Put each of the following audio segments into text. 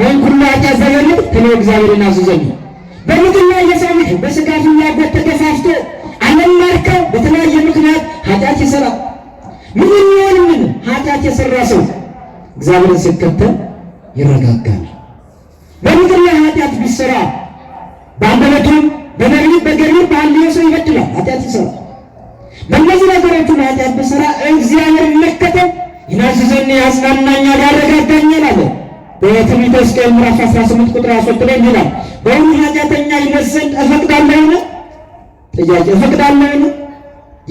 ወይም ሁሉ ኃጢአት ዘመነት ከእኔ እግዚአብሔርን አዘዘኝ። በምድር ላይ የሰው ልጅ በተለያየ ምክንያት ኃጢአት ይሰራል። ምን ይሆን ምን ኃጢአት የሰራ ሰው እግዚአብሔርን ሲከተል ይረጋጋል። በምድር ኃጢአት ቢሰራ በአንደበቱም በመግቢ በገቢ በአንድ ሰው ይበድላል፣ ኃጢአት ይሰራል። በእነዚህ ነገሮቹ ኃጢአት ቢሰራ እግዚአብሔርን መከተል ይናዝዘን፣ ያጽናናኛል፣ ያረጋጋኛል አለ። በትንቢተ ሕዝቅኤል ምዕራፍ 18 ቁጥር 13 ላይ ይላል በውኑ ኃጢአተኛ ይሞት ዘንድ እፈቅዳለሁን? ጥያቄ እፈቅዳለሁን?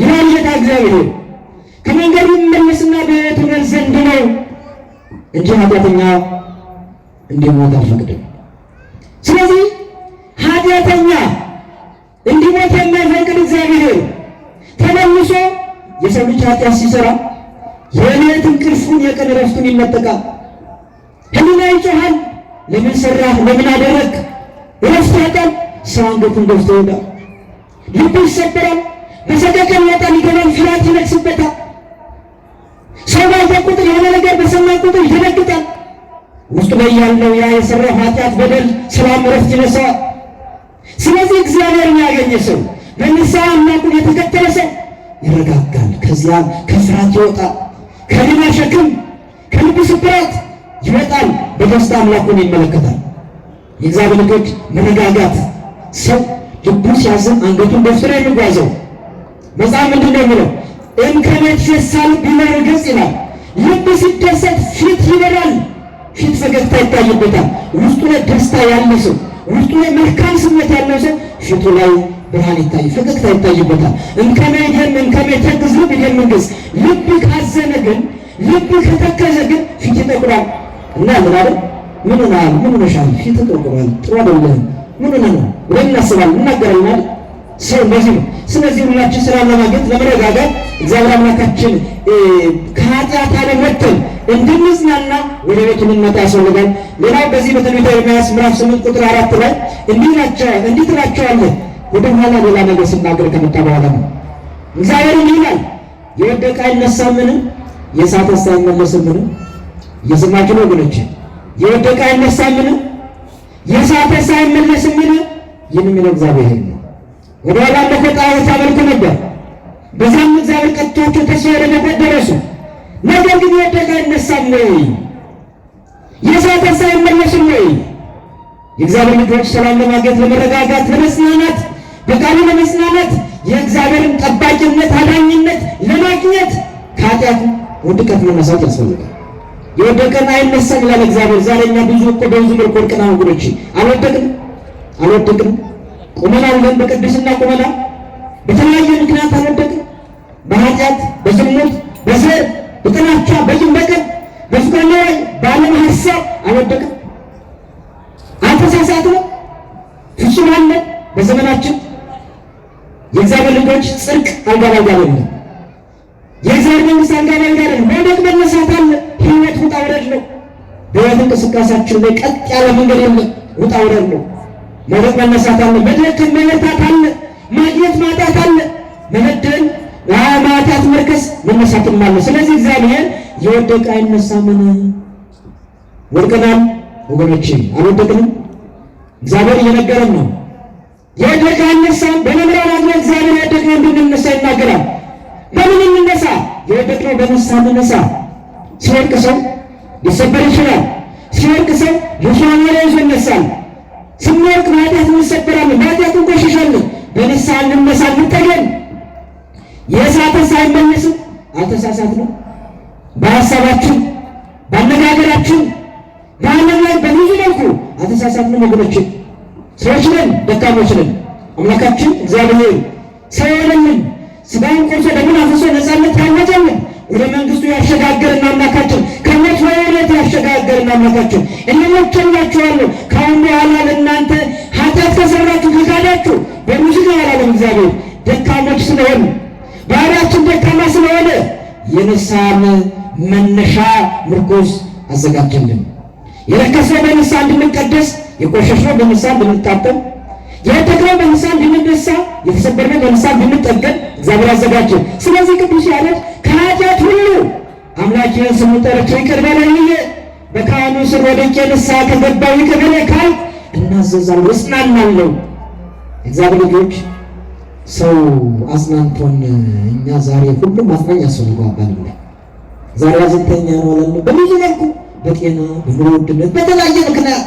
ይላል ጌታ እግዚአብሔር። ከመንገዱ ይመለስና በሕይወት ይኖር ዘንድ ነው እንጂ ኃጢአተኛ እንዲሞት አልፈቅድም። ስለዚህ ኃጢአተኛ እንዲሞት የማይፈቅድ እግዚአብሔር ተመልሶ የሰው ልጅ ኃጢአት ሲሰራ የሌሊት እንቅልፉን የቀን ረፍቱን ይነጠቃል። ህሊና ይጮሃል። ለምን ሰራህ? ለምን አደረግ? ይረስታታል። ሰው አንገቱን ገዝቶ ይወዳል። ልቡ ይሰበራል። በሰደቀ ይወጣል፣ ይገባል። ፍርሃት ይነግስበታል። ሰው ባየ ቁጥር የሆነ ነገር በሰማ ቁጥር ይደነግጣል። ውስጡ ላይ ያለው ያ የሰራው ኃጢአት፣ በደል ሰላም፣ እረፍት ይነሳዋል። ስለዚህ እግዚአብሔርን ያገኘ ሰው በንስሐ አምላኩን የተከተለ ሰው ይረጋጋል። ከዚያም ከፍርሃት ይወጣል፣ ከህሊና ሸክም፣ ከልብ ስብራት ይመጣል። በደስታ አምላኩን ይመለከታል። የእግዚአብሔር ልጆች መረጋጋት። ሰው ልቡ ሲያዝን አንገቱን ደፍቶ የሚጓዘው። መጽሐፍ ምንድን ነው የሚለው? እንከነት ይፈሳል ቢመር ገጽ ይላል። ልብ ሲደሰት ፊት ይበራል፣ ፊት ፈገግታ ይታይበታል። ውስጡ ላይ ደስታ ያለ ሰው፣ ውስጡ ላይ መልካም ስሜት ያለው ሰው ፊቱ ላይ ብርሃን ይታይ፣ ፈገግታ ይታይበታል። እንከመ ይደምቅ እንከመ ይተክዝ ልብ ይደምቅ። ልብ ካዘነ ግን ልብ ከተከዘ ግን ፊት ይጠቁራል። እና ምናለ ምን ሆናል? ምን ሆነሻል? ፊት ተቆርቁሯል፣ ጥሩ አይደለም። ምን ነው ብለን እናስባለን፣ እናገራለን። ሰው እንደዚህ ነው። ስለዚህ ሁላችን ስራ ለማግኘት ለመረጋጋት እግዚአብሔር አምላካችን ከኃጢአት ዓለም ወጥተን እንድንጽናና ወደ ቤቱ ልንመጣ ያስፈልጋል። ሌላው በዚህ በትንቢተ ኤርምያስ ምዕራፍ ስምንት ቁጥር አራት ላይ እንዲህ ናቸው እንዲህ ትላቸዋለህ ወደ ኋላ ሌላ ነገር ስናገር ከመጣ በኋላ ነው እግዚአብሔር እንዲህ ይላል የወደቀ አይነሳምን? የሳተስ አይመለስምን? እየሰማችሁ ወገኖች? የወደቀ አይነሳምን? የሳተ አይመለስምን? ይህን የሚለው እግዚአብሔር ነው። ወደ ኋላ ባለፈው ጣዖት ነበር። በዛም እግዚአብሔር ቀጥቷቸው ተስፋ ያደረጉበት ደረሱ። ነገር ግን የወደቀ አይነሳም ወይ? የሳተ አይመለስም ወይ? የእግዚአብሔር ልጆች ሰላም ለማግኘት ለመረጋጋት፣ ለመጽናናት በቃሉ ለመጽናናት የእግዚአብሔርን ጠባቂነት አዳኝነት ለማግኘት ከኃጢአት ውድቀት ለመሳት ያስፈልጋል። የወደቀን አይነሳም ይላል እግዚአብሔር። ዛሬ እኛ ብዙ እኮ በብዙ መልኩ ወድቀናል ወገኖች። አልወደቅንም አልወደቅንም። ቁመና ውለን በቅድስና ቁመና በተለያየ ምክንያት አልወደቅን። በኃጢአት በዝሙት በዘር በጥላቻ በጅም በቀል በፍቅር ላይ በዓለም ሀሳብ አልወደቅን። አልተሳሳትንም። ፍጹም አለ በዘመናችን የእግዚአብሔር ልጆች ጽድቅ አልጋ ባልጋ ነው። የእግዚአብሔር መንግስት አልጋ ባልጋ ነው። መውደቅ መነሳት አለ መንገድ ነው። በህይወት እንቅስቃሴያችን ላይ ቀጥ ያለ መንገድ የለም። ውጣ ውረድ ነው። መውደቅ መነሳት አለ። መድረክን መለታት አለ። ማግኘት ማጣት አለ። መበደልን ማጣት መርከስ መነሳትም አለ። ስለዚህ እግዚአብሔር የወደቀ አይነሳምን? ወድቀናል ወገኖቼ፣ አልወደቅንም። እግዚአብሔር እየነገረን ነው። የወደቀ አይነሳም። በመምሪያ ላይ እግዚአብሔር ያደቀ እንድንነሳ ይናገራል። በምን እንነሳ? የወደቅነው በንስሐ እንነሳ። ሲወድቅ ሰው ሊሰበር ይችላል። ሲወድቅ ሰው ሙሽራን ይዞ ይነሳል። ስንወድቅ በኃጢአት እንሰበራለን፣ በኃጢአት እንቆሸሻለን። በንስሐ እንመሳል እንጠገን። የእሳተ ሳይመለስም አልተሳሳት ነው። በሀሳባችን በአነጋገራችን፣ በዓለም ላይ በብዙ መልኩ አልተሳሳትንም ወገኖችን። ሰዎች ነን፣ ደካሞች ነን። አምላካችን እግዚአብሔር ሰው ያለንን ስጋውን ቆርሶ ደሙን አፍሶ ነፃነት ያመጣልን ወደ መንግስቱ ያሸጋገርን አምላካችን ከሞት ወህይወት ያሸጋገርን አምላካችን እንሞቸላችኋለሁ። ከአሁኑ በኋላ ለእናንተ ኃጢአት ከሰራችሁ ከካዳችሁ በሙዚቃ ያላለም እግዚአብሔር ደካሞች ስለሆኑ ባህሪያችን ደካማ ስለሆነ የንስሐን መነሻ ምርኮዝ አዘጋጀልን። የረከሰ በንስሐ እንድንቀደስ፣ የቆሸሽነው በንስሐ እንድንታጠብ፣ የወደቅነው በንስሐ እንድንነሳ፣ የተሰበርነው በንስሐ እንድንጠገን እግዚአብሔር አዘጋጀ። ስለዚህ ቅዱስ ያለት ከኃጢአት ሁሉ አምላኬን ስሙ ጠርቶ ይቅር በለኝ፣ በካህኑ ስር ወድቄ ንስሐ ከገባሁ ይቅር በለኝ ካልክ እናዘዛለሁ፣ እጽናናለሁ። እግዚአብሔር ልጆች ሰው አጽናንቶን እኛ ዛሬ ሁሉም አጽናኝ ያስፈልገው ዛሬ አዘንተኛ ነው አላለ በብዙ መልኩ በጤና በኑሮ ውድነት በተለያየ ምክንያት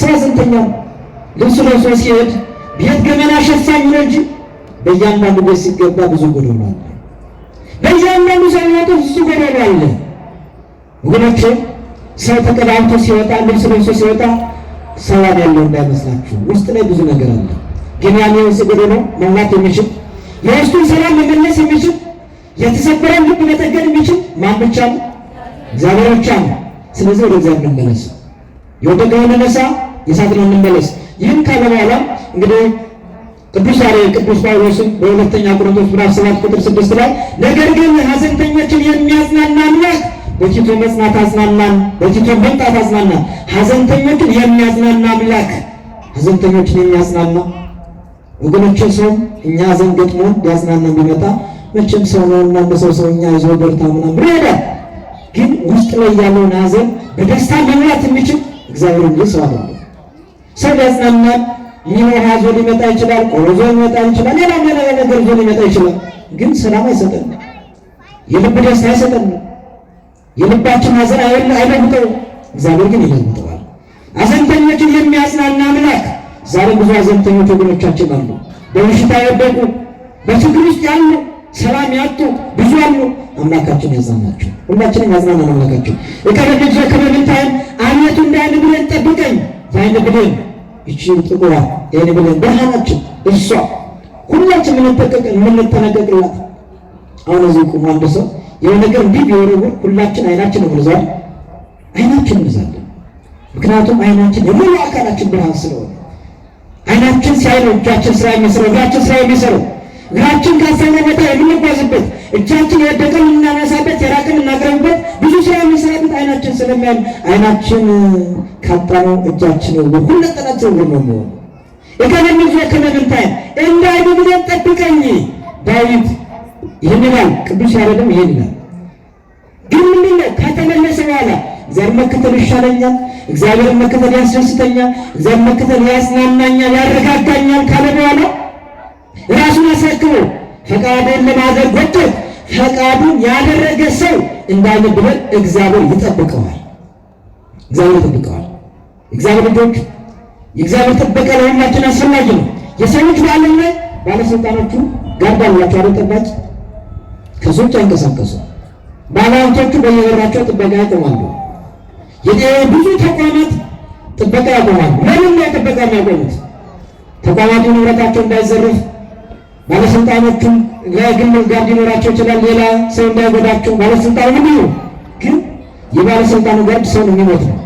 ሰው አዘንተኛ ነው። ልብሱ ለብሶ ሲሄድ ቤት ገመና ሸፋኝ ነው እንጂ በእያንዳንዱ ቤት ሲገባ ብዙ ጎደሎ በእያንዳንዱ ሰው ሕይወት ውስጥ እሱ ጎዳና አለ። ወገኖቼ ሰው ተቀዳጅቶ ሲወጣ ልብስ ለብሶ ሲወጣ ሰላም ያለው እንዳይመስላችሁ፣ ውስጥ ላይ ብዙ ነገር አለ። ግን ያን የውስጥ ጎዳና መሙላት የሚችል የውስጡን ሰላም መመለስ የሚችል የተሰበረን ልብ መጠገን የሚችል ማን ብቻ ነው? እግዚአብሔር ብቻ ነው። ስለዚህ ወደ እግዚአብሔር እንመለስ። የወደቀውን ነሳ የሳትን እንመለስ። ይህን ካለ በኋላ እንግዲህ ቅዱስ ቅዱስ ጳውሎስም በሁለተኛ ቆሮንቶስ ምዕራፍ ሰባት ቁጥር ስድስት ላይ ነገር ግን ሐዘንተኞችን የሚያጽናና አምላክ በቲቶ መጽናት አጽናናን፣ በቲቶ መምጣት አጽናናን። ሐዘንተኞችን የሚያጽናና አምላክ ሐዘንተኞችን የሚያጽናና ወገኖች፣ ሰው እኛ ሐዘን ገጥሞ ሊያጽናና ቢመጣ መቼም ሰው ነው እና ሰው ሰው እኛ ይዞ በርታ ምናምን ብሎ ግን ውስጥ ላይ ያለውን ሐዘን በደስታ መምላት የሚችል እግዚአብሔር እንጂ ሰው አይደለም። ሰው ሊያጽናናን ይህ ሀዞ ሊመጣ ይችላል፣ ሊመጣ ይችላል፣ ሌላ ሌላ ነገር ዞ ሊመጣ ይችላል። ግን ሰላም የልብ ደስታ አይሰጠንም። የልባችን ሀዘን አይለውጠው። እግዚአብሔር ግን ይለውጠዋል። ሀዘንተኞችን የሚያጽናና አምላክ። ዛሬ ብዙ ሀዘንተኞች ወገኖቻችን አሉ፣ በበሽታ የወደቁ በችግር ውስጥ ያሉ ሰላም ያጡ ብዙ አሉ። አምላካችን ያዝናናቸው፣ ሁላችንም ያዝናናን አምላካችን። እቀበል ልጅ ከበብልታይም አመቱ እንዳይንብለን ጠብቀኝ፣ ባይንብለን ይቺ ጥቁሯ ይህን ብለን ደህናችን እሷ ሁላችን የምንጠነቀቅላት። አሁን እዚህ ቁሙ አንድ ሰው የሆነ ነገር እንዲህ ቢወረውር ሁላችን አይናችን እምርዛል አይናችን እምርዛለን። ምክንያቱም አይናችን የሙሉ አካላችን ብርሃን ስለሆነ አይናችን ሲያይ ነው እጃችን ስራ የሚሰራው እግራችን ስራ እግራችን ካሰብነው ቦታ የምንጓዝበት፣ እጃችን የወደቀን የምናነሳበት፣ የራቅን የምናቀርብበት፣ ብዙ ስራ የምንሰራበት አይናችን ስለሚያል አይናችን ካጣኑ እጃችን የው ሁለጠናቸው ውር ነው የሚሆን የከበድ ከመግንታይን እንዳይዱ ብለን ጠብቀኝ ዳዊት ይህን ይላል። ቅዱስ ያሬድም ይህን ይላል። ግን ምንድነው ከተመለሰ በኋላ እግዚአብሔር መከተል ይሻለኛል፣ እግዚአብሔር መከተል ያስደስተኛል፣ እግዚአብሔር መከተል ያስናናኛል፣ ያረጋጋኛል ካለ በኋላ ራሱን አሳክሞ ፈቃዱን ለማድረግ ወጥቶት ፈቃዱን ያደረገ ሰው እንዳይመድበል እግዚአብሔር ይጠብቀዋል። እግዚአብሔር ይጠብቀዋል። እግዚአብሔር ልጆች፣ የእግዚአብሔር ጥበቃ ለሁላችን አስፈላጊ ነው። የሰዎች በዓለም ባለስልጣኖቹ ጋርዳ ላቸው አለጠባጭ ከሱ አይንቀሳቀሱ። ባለሀብቶቹ በየበራቸው ጥበቃ ያቆማሉ። ብዙ ተቋማት ጥበቃ ያቆማሉ። ለምን ጥበቃ የሚያቆሙት ተቋማቱ ንብረታቸው እንዳይዘረፍ ባለስልጣኖቹም ለግል ጋር ሊኖራቸው ይችላል። ሌላ ሰው እንዳይጎዳቸው ባለስልጣኑ ምንድን ነው ግን የባለስልጣኑ ጋርድ ሰው ነው የሚሞት ነው።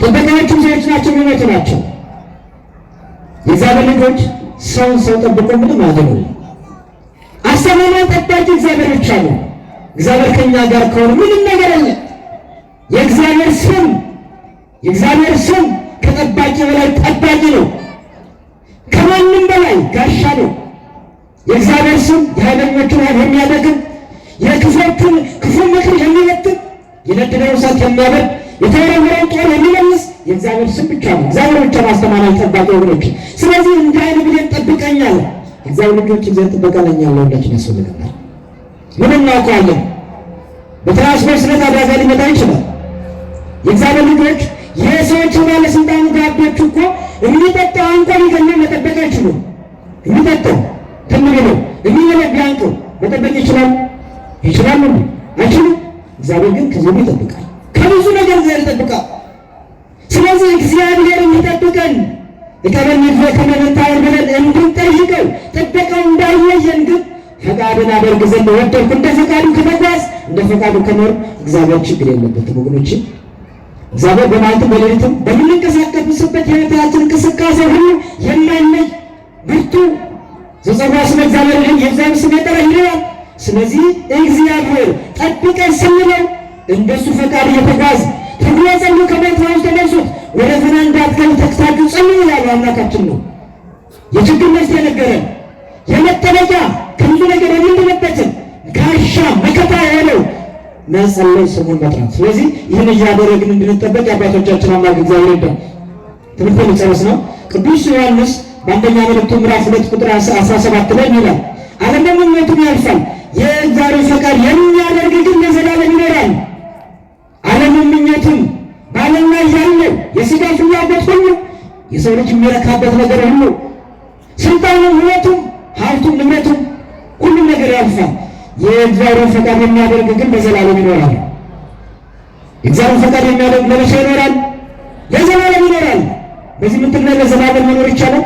ጥበቃዎቹም ሰዎች ናቸው የሚሞቱ ናቸው። የእግዚአብሔር ልጆች ሰውን ሰው ጠብቆ ምንም አገኙ አሰማማ ጠባቂ እግዚአብሔሮች አሉ። እግዚአብሔር ከኛ ጋር ከሆነ ምንም ነገር አለ። የእግዚአብሔር ስም የእግዚአብሔር ስም ከጠባቂ በላይ ጠባቂ ነው። የእግዚአብሔር ስም የኃይለኞቹን ኃይል የሚያደግም የክፉዎቹን ክፉ ምክር የሚበትን የነደደው እሳት የሚያበር የተወረወረውን ጦር የሚመልስ የእግዚአብሔር ስም ብቻ ነው። እግዚአብሔር ብቻ ማስተማሪያ ጠባቂ ወገኖች። ስለዚህ እንደ አይነ ብሌን ጠብቀኛል። እግዚአብሔር ልጆች እግዚአብሔር ጥበቃ ለኛ ለሁላችን ያስፈልገናል። ምን እናውቀዋለን? በትራንስፖርት ስነት አደጋ ሊመጣ ይችላል። የእግዚአብሔር ልጆች የሰዎች ባለስልጣኑ ጋዶች እኮ የሚጠጣው እንኳን ይገኛል መጠበቅ አይችሉም የሚጠጣው ትልቅ ነው። የሚበለግራ አንተ መጠበቅ ይችላል ይችላል አይችልም። እግዚአብሔር ግን ከሁሉ ይጠብቃል፣ ከብዙ ነገር እግዚአብሔር ይጠብቃል። ስለዚህ እግዚአብሔር የሚጠብቀን እቀበል ይዞ ብለን እንድንጠይቀው ጥበቃው እንዳይለየን ግን ፈቃድን አደርግ ዘንድ ወደድኩ፣ እንደ ፈቃዱ ከመጓዝ እንደ ፈቃዱ ከኖር እግዚአብሔር ችግር የለበትም ወገኖችን እግዚአብሔር በማለትም በሌሊትም በምንንቀሳቀስበት የህይወታችን እንቅስቃሴ ሁሉ የማይለይ ብርቱ ዘጸራ ስመ እግዚአብሔር የእግዚአብሔር ስም የጠራ ይለዋል። ስለዚህ እግዚአብሔር ጠብቀን ስንለው እንደሱ ፈቃድ እየተጓዝ ትግሮ ጸሉ ከመትራዎች ተመልሱት ወደ ፈተና እንዳትገቡ ተግታችሁ ጸልዩ ይላሉ። አምላካችን ነው የችግር መፍትሄ የነገረን የመጠበቂያ ከብዙ ነገር የምንድንበትን ጋሻ መከታ የሆነው መጸለይ ስሙን መጥራት። ስለዚህ ይህን እያደረግን እንድንጠበቅ የአባቶቻችን አምላክ እግዚአብሔር ዳ ትምህርት መጨረስ ነው። ቅዱስ ዮሐንስ በአንደኛ መልእክቱ ምዕራፍ ሁለት ቁጥር አስራ ሰባት ላይ ይላል ዓለም ደግሞ ሞትን ያልፋል፣ የእግዚአብሔር ፈቃድ የሚያደርግ ግን ለዘላለም ይኖራል። ዓለምም ምኞቱም በዓለም ላይ ያለው የሥጋ ፍላጎት ሁሉ፣ የሰው ልጅ የሚረካበት ነገር ሁሉ፣ ስልጣኑም፣ ሕይወቱም፣ ሀብቱም፣ ንብረቱም ሁሉም ነገር ያልፋል። የእግዚአብሔር ፈቃድ የሚያደርግ ግን ለዘላለም ይኖራል። የእግዚአብሔር ፈቃድ የሚያደርግ ለመቼ ይኖራል? ለዘላለም ይኖራል። በዚህ ምድር ላይ ለዘላለም መኖር ይቻላል?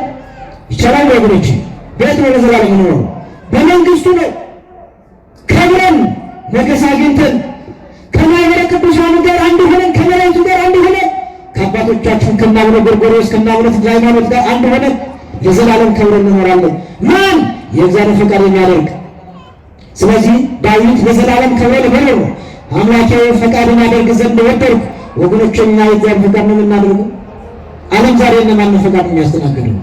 ይቻላል። ወገኖች ቤት ነው ለዘላለም የምንኖረው በመንግስቱ ነው ከብረን ነገስ አግኝተን ከማኅበረ ቅዱሳን ጋር አንድ ሆነን ከመላእክቱ ጋር አንድ ሆነን ከአባቶቻችን ከአቡነ ጎርጎርዮስ ከአቡነ ተክለ ሃይማኖት ጋር አንድ ሆነን የዘላለም ከብረን እንኖራለን። ማን የእግዚአብሔር ፈቃድ የሚያደርግ ስለዚህ ዳዊት በዘላለም ክብር በለው ነው አምላካዊ ፈቃድን አደርግ ዘንድ ወደድኩ። ወገኖችና የእግዚአብሔር ፈቃድ ነው የምናደርገው። ዓለም ዛሬ እነማንን ፈቃድ ነው?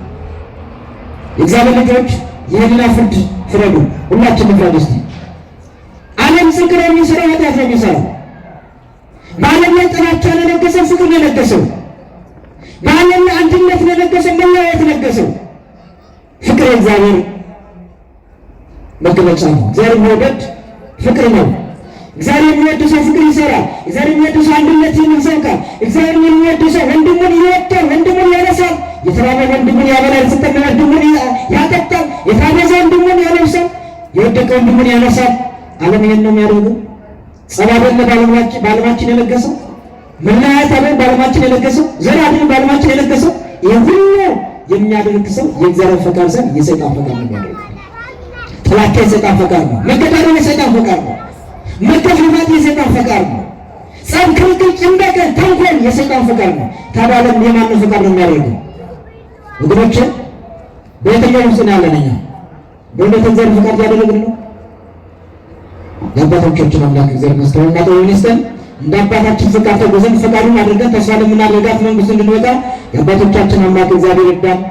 የእግዚአብሔር ልጆች የህሊና ፍርድ ፍረዱ። ሁላችን ንፍረድ እስቲ። ዓለም ፍቅር የሚሰራው ኃጢአት ነው የሚሰራው። በዓለም ላይ ጥላቻ ለነገሰው ፍቅር ለነገሰው፣ በዓለም ላይ አንድነት ለነገሰው መለያየት ነገሰው። ፍቅር የእግዚአብሔር መገለጫ ነው። እግዚአብሔር መውደድ ፍቅር ነው። እግዚአብሔር የሚወድ ሰው ፍቅር ይሰራል። እግዚአብሔር የሚወድ ሰው አንድነትን ይሰብካል። እግዚአብሔር የሚወድ ሰው ወንድሙን ይወዳል፣ ወንድሙን ያነሳል። የተራበ ወንድሙን ያበላል፣ የተጠማ ወንድሙን ያጠጣል፣ የታረዘ ወንድሙን ያለብሳል፣ የወደቀ ወንድሙን ያነሳል። ዓለም ይሄን ነው የሚያደርገው። ጸብ አይደለ በዓለማችን የለገሰው፣ መለያየት አይደለ በዓለማችን የለገሰው፣ ዘር አይደለ በዓለማችን የለገሰው። ይህ ሁሉ የሚያደርግ ሰው የእግዚአብሔር ፈቃድ ዘንድ የሰይጣን ፈቃድ ነው የሚያደርገው። ጥላቻ የሰይጣን ፈቃድ ነው። መገዳደል የሰይጣን ፈቃድ ነው። መከፋፋት የሰይጣን ፈቃድ ነው። ጸብ፣ ክርክር፣ ጭንበቀል፣ ተንኮል የሰይጣን ፈቃድ ነው። ታዲያ ዓለም የማን ፈቃድ ነው የሚያደርገው ወገኖችን በየትኛው ሙስና ያለን እኛ በእውነት እግዚአብሔር ፈቃድ ነው። የአባቶቻችን አምላክ እግዚአብሔር ይመስገን። እና ጠ ሚኒስተር እንደ አባታችን ፈቃድ ተጎዘን ፈቃዱን አድርገን ተስፋ ለምናደርጋት መንግስት እንድንወጣ የአባቶቻችን አምላክ እግዚአብሔር ይርዳን።